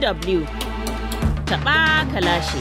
DW taɓa lashe.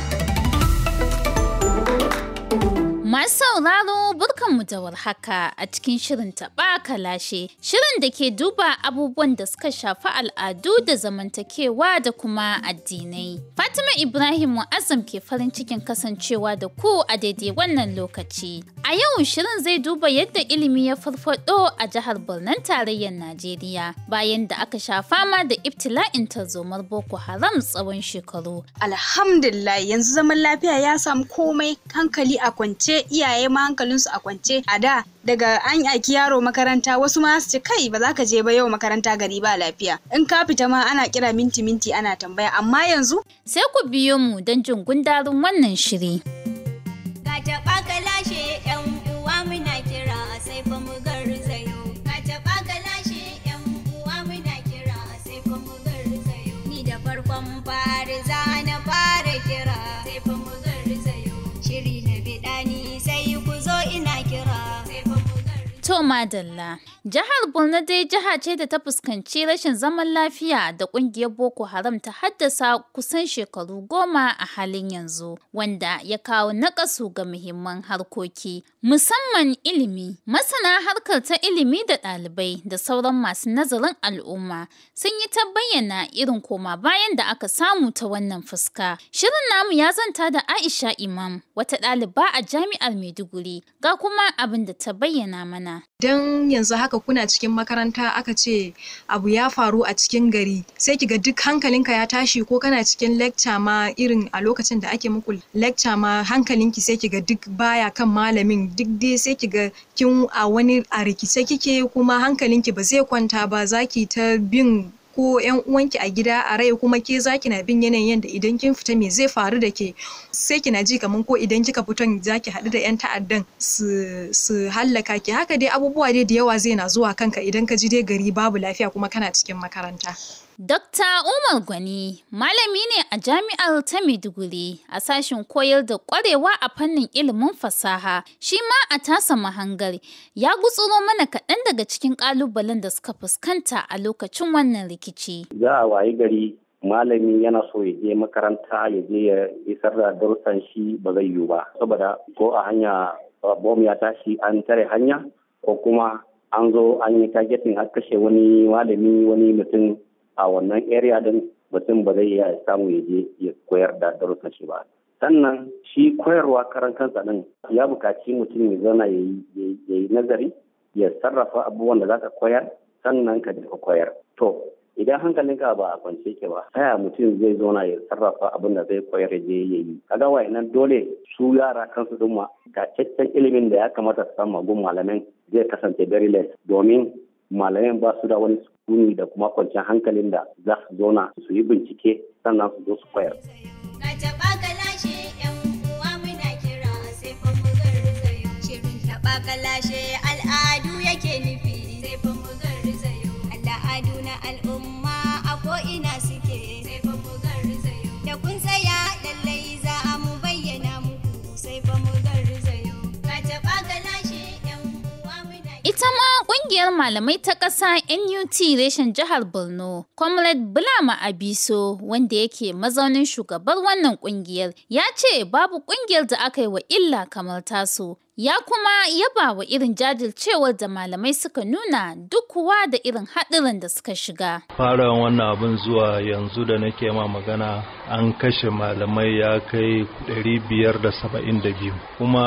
Masu sauraro mu da warhaka a cikin shirin taɓa kalashe, shirin da ke duba abubuwan da suka shafi al'adu da zamantakewa da kuma addinai. Fatima Ibrahim Mu'azzam ke farin cikin kasancewa da ku a daidai wannan lokaci. A yau shirin zai duba yadda ilimi ya farfado a jihar Birnin Tarayyar Najeriya bayan da aka sha fama da ibtila'in tarzomar Boko Haram tsawon shekaru. Alhamdulillah yanzu zaman lafiya ya samu komai hankali a kwance iyaye ma hankalinsu a kwance a da daga an aiki yaro makaranta wasu ma su ce kai ba za ka je ba yau makaranta gari ba lafiya in ka fita ma ana kira minti minti ana tambaya amma yanzu sai ku biyo mu don jin gundarin wannan shiri. To Madalla, jihar Borno dai jiha ce da ta fuskanci rashin zaman lafiya da kungiyar Boko Haram ta haddasa kusan shekaru goma a halin yanzu, wanda ya kawo nakasu ga muhimman harkoki, musamman ilimi. Masana harkar ta ilimi da ɗalibai da sauran masu nazarin al'umma sun yi ta bayyana irin koma bayan da aka samu ta wannan fuska. Shirin namu ya zanta da Aisha Imam, wata ɗaliba a jami'ar Maiduguri, ga kuma abin da ta bayyana mana. Don yanzu haka kuna cikin makaranta aka ce abu ya faru a cikin gari sai kiga duk hankalinka ya tashi ko kana cikin lecture ma irin a lokacin da ake muku lecture ma hankalinki sai kiga duk baya kan malamin duk dai sai kiga kin a wani a rikice kike kuma hankalinki ba zai kwanta ba zaki ta bin ko yan uwanki a gida a rai kuma ke za kina bin yanayin da idan kin fita me zai faru da ke sai kina ji kamar ko idan kika fiton za ki haɗu da yan ta'addan su su hallaka ki haka dai abubuwa dai da yawa zai na zuwa kanka idan ka ji dai gari babu lafiya kuma kana cikin makaranta Dokta Umar Gwani malami ne a jami'ar ta Maiduguri a sashen koyar da kwarewa a fannin ilimin fasaha shi ma a tasa mahangar ya gutsuro mana kaɗan daga cikin ƙalubalen da suka fuskanta a lokacin wannan rikici. Za a wayi gari malami yana so ya je makaranta ya je ya isar da darussan shi ba zai yiwu ba saboda ko a hanya bom ya tashi an tare hanya ko kuma an zo an yi targeting a kashe wani malami wani mutum a wannan area din mutum ba zai iya samu ya je ya koyar da darussan shi ba sannan shi koyarwa karan kansa din ya bukaci mutum ya zauna ya yi nazari ya sarrafa abubuwan da za ka koyar sannan ka ka koyar to idan hankalinka ba a kwance ke ba taya mutum zai zauna ya sarrafa abin da zai koyar ya je ya yi kaga wayannan dole su yara kansu din ma ga ilimin da ya kamata su samu gun malamin zai kasance very less domin malamai ba su da wani sukuni da kuma kwanciyar hankalin da za su zauna su yi bincike sannan su zo su koyar. Ƙungiyar Malamai ta ƙasa NUT reshen jihar Borno, Comrade Bulama Abiso, wanda yake mazaunin shugabar wannan ƙungiyar, ya ce babu ƙungiyar da aka yi wa illa kamar taso, ya kuma yaba wa irin jajircewar da malamai suka nuna duk kuwa da irin haɗirin da suka shiga. Fara wannan abin zuwa yanzu da nake ma magana an kashe malamai ya kai 572 kuma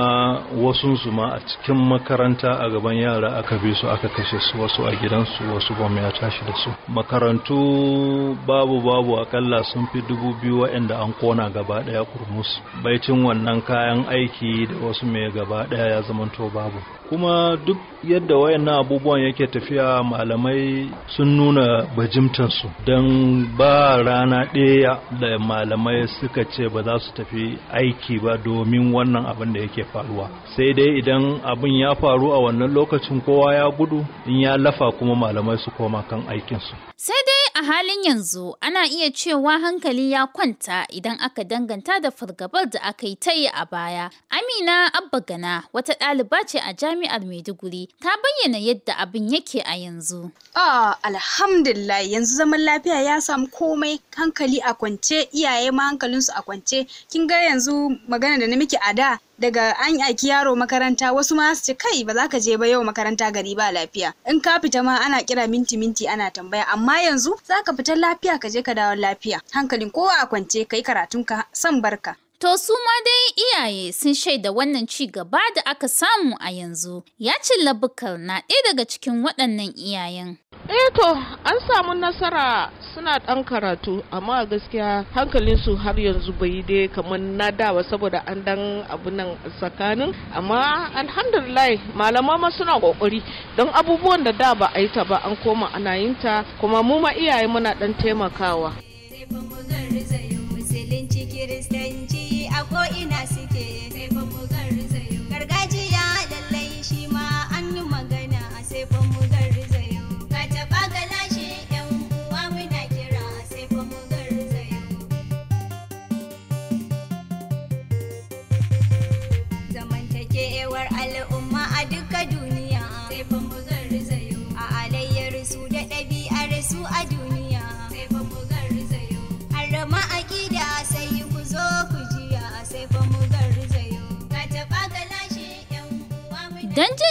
wasunsu ma a cikin makaranta a gaban yara aka bi su aka kashe su wasu a gidansu wasu ba ya tashi da su. Makarantu babu babu akalla sun fi dubu biyu waɗanda an kona gaba ɗaya kurmus. Baicin wannan kayan aiki da wasu mai gaba ɗaya tsaya ya zamanto babu kuma duk yadda wayannan abubuwan yake tafiya malamai sun nuna bajimtansu don ba rana ɗaya da malamai suka ce ba za su tafi aiki ba domin wannan abin da yake faruwa sai dai idan abin ya faru a wannan lokacin kowa ya gudu in ya lafa kuma malamai su koma kan aikinsu sai dai a halin yanzu ana iya cewa hankali ya kwanta idan aka danganta da fargabar da aka yi ta yi a baya amina abba gana wata ɗaliba ce a jami'ar Maiduguri ta bayyana yadda abin yake a yanzu. Ah, alhamdulillah yanzu zaman lafiya ya samu komai hankali a kwance iyaye ma hankalinsu a kwance kin ga yanzu magana da na miki a da daga an aiki yaro makaranta wasu ma su ce kai ba za ka je ba yau makaranta gari ba lafiya in ka fita ma ana kira minti minti ana tambaya amma yanzu za ka fita lafiya ka je ka dawo lafiya hankalin kowa a kwance kai ka san barka To su ma dai iyaye sun shaida wannan ci gaba da aka samu a yanzu. Ya ce labukal na ɗaya daga cikin waɗannan iyayen. Eh to an samu nasara suna ɗan karatu amma gaskiya hankalinsu har yanzu bai yi dai kamar na dawa saboda an dan abu nan tsakanin amma alhamdulillah malama ma suna kokari don abubuwan da da ba a yi ta ba an koma ana yin ta kuma mu ma iyaye muna ɗan taimakawa.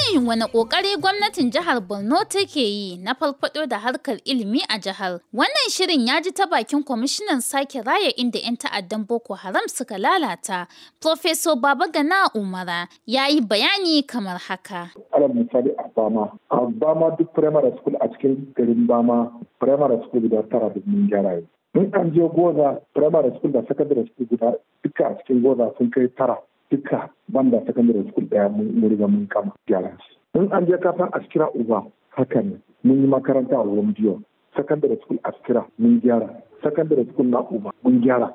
Shin wani ƙoƙari gwamnatin jihar Borno take yi na farfaɗo da harkar ilimi a jihar? Wannan shirin ya ji ta bakin kwamishinan sake raya inda 'yan ta'addan Boko Haram suka lalata, Profeso gana Umara ya yi bayani kamar haka. Alal misali a Bama, a Bama duk primary school a cikin garin Bama, primary school guda tara da mun gyara Mun an je Goza, primary school da secondary school guda duka a cikin Goza sun kai tara. duka banda secondary school daya mun riga mun kama yaran mun an je kafin askira uba haka ne mun yi makaranta a wurin biyo secondary school askira mun gyara secondary school na uba mun gyara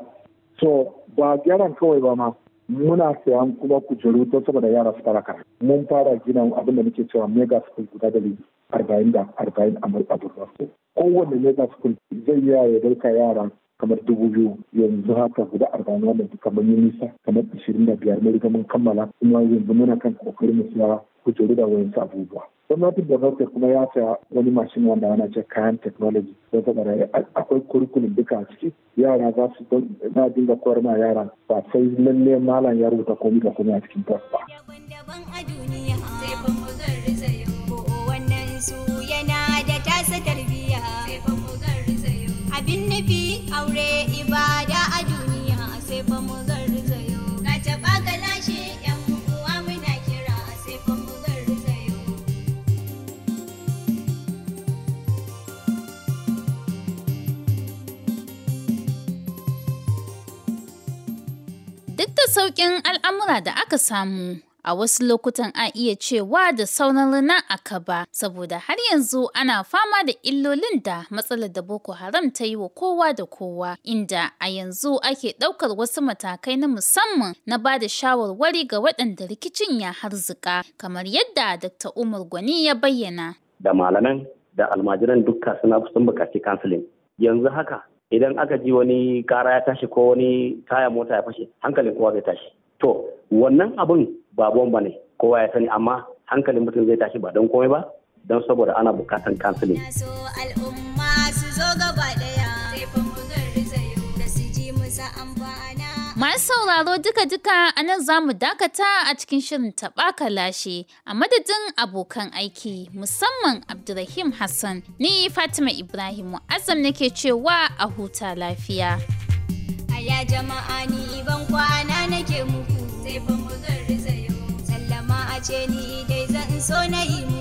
so ba gyaran kawai ba ma muna sayan kuma kujeru ta saboda yara su fara karatu mun fara gina abin da muke cewa mega school guda da arba'in da arba'in a burba kowanne mega school zai yi ya dauka yara kamar dubu biyu yanzu haka guda arba'in wanda duka mun yi nisa kamar ashirin da biyar mun riga kammala kuma yanzu muna kan kokarin mu siya kujeru da wayansu abubuwa. gwamnatin da North kuma ya saya wani mashin wanda ana ce kayan technology don saboda akwai kurikulum duka a ciki yara za su na dinga koyar ma yara ba sai lalle malam ya rubuta komai da komi a cikin ba. Duk da sauƙin al'amura da aka samu, a wasu lokutan a iya cewa da sauran rana aka ba, saboda har yanzu ana fama da illolin da matsalar da Boko Haram ta yi wa kowa da kowa, inda a yanzu ake ɗaukar wasu matakai na musamman na ba da shawarwari ga waɗanda rikicin ya harzuka, kamar yadda Dr. Umar Gwani ya bayyana. Da malaman da almajiran dukka suna buƙaci kansilin. Yanzu haka idan aka ji wani kara ya tashi ko wani taya mota ya fashe hankalin kowa zai tashi to wannan abin ba bomba ne kowa ya sani amma hankalin mutum zai tashi ba don komai ba don saboda ana bukatan kansilin. Masu sauraro duka-duka a nan za mu dakata a cikin shirin taɓaka lashe a madadin abokan aiki musamman Abdulrahim Hassan ni Fatima Ibrahim Azam nake cewa a huta lafiya. Aya jama'a ni ban kwana nake muku sai ban mu zan rizayo sallama a ce ni dai zan so na yi